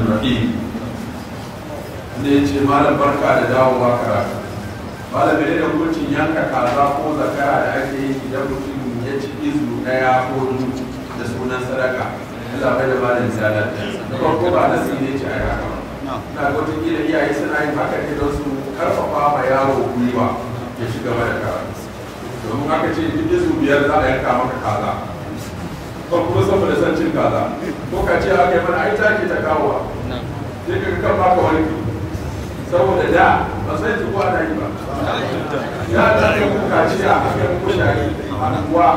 الرحمن ne ce malam barka da dawowa karatu malam ne da hukuncin yanka kaza ko zakara da ake yi idan mutum ya ci izu daya ko biyu da sunan sadaka Allah bai da malam zalar da farko ba nasi ne ce a yaka na gudun gina iyaye suna yin haka ne don su karfafa ma yaro gwiwa ya shiga da karatu domin haka ce duk izu biyar za a yanka maka kaza ba kuma saboda son cin kaza ko ka ce aka yi mana ai take ta kawowa sai ka kan baka wani saboda da ba sai ta kuwa ta yi ba ya da ne kuka ce a aka yi kuka shari kuwa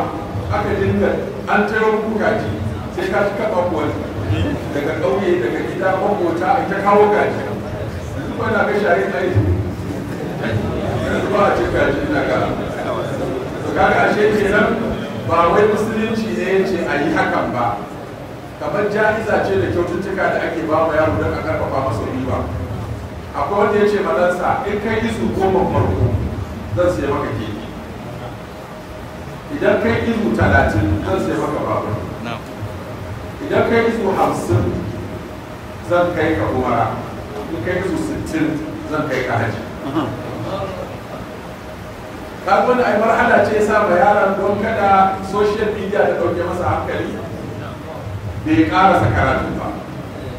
aka dinga an tayar kuka ce sai ka ci kaɓa kuwa daga ƙauye daga gida maƙota a ta kawo gaji yanzu ba na ga shari na yi ba a ce gaji na ka kaga ashe kenan ba wai musulunci ne ya ce a yi hakan ba kamar ja'iza ce da kyaututtuka da ake ba wa yaro don a karfafa masa riba akwai wanda ya ce malansa in kai izu goma farko zan sai maka keke idan kai izu talatin zan sai maka babur idan kai izu hamsin zan kai ka umara in kai izu sittin zan kai ka haji kaga wani ai marhala ce sa ma yaran don kada social media ta dauke masa hankali bai karasa karatu ba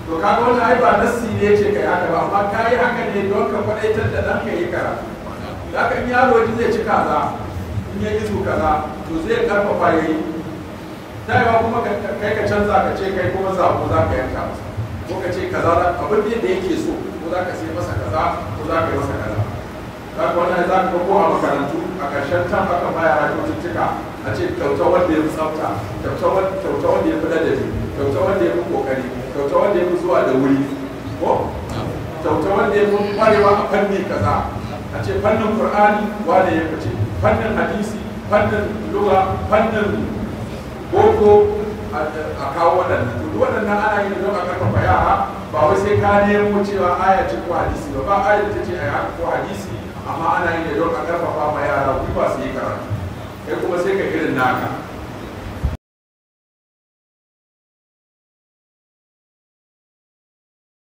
to kaga wani ai ba nassi ne ce kai haka ba amma ka yi haka ne don ka kwadaitar da ka yi karatu da yi yaro ji zai ci kaza in ya izu kaza to zai karfafa ya yi Ta yi kuma kai ka canza ka ce kai kuma za ko za ka yanka masa ko ka ce kaza abin da yake so ko za ka sai masa kaza ko za ka yi masa kaza wannan za ka ko a makarantu a ƙarshen ka aka a cikin cika a ce kyauta wanda ya fi tsafta kyauta wanda ya fi ladabi kyauta wanda ya fi kokari kyauta wanda ya fi zuwa da wuri ko kyauta wanda ya fi kwarewa a fanni kaza a ce fannin qur'ani wane ya fice fannin hadisi fannin lugha fannin boko a kawo waɗannan to waɗannan ana yin don a karfafa yara ba wai sai ka nemo cewa aya ce ko hadisi ba ba aya ta ce a ko hadisi amma ana yin da don a karfafa ma yara ba su yi karatu kai kuma sai ka irin naka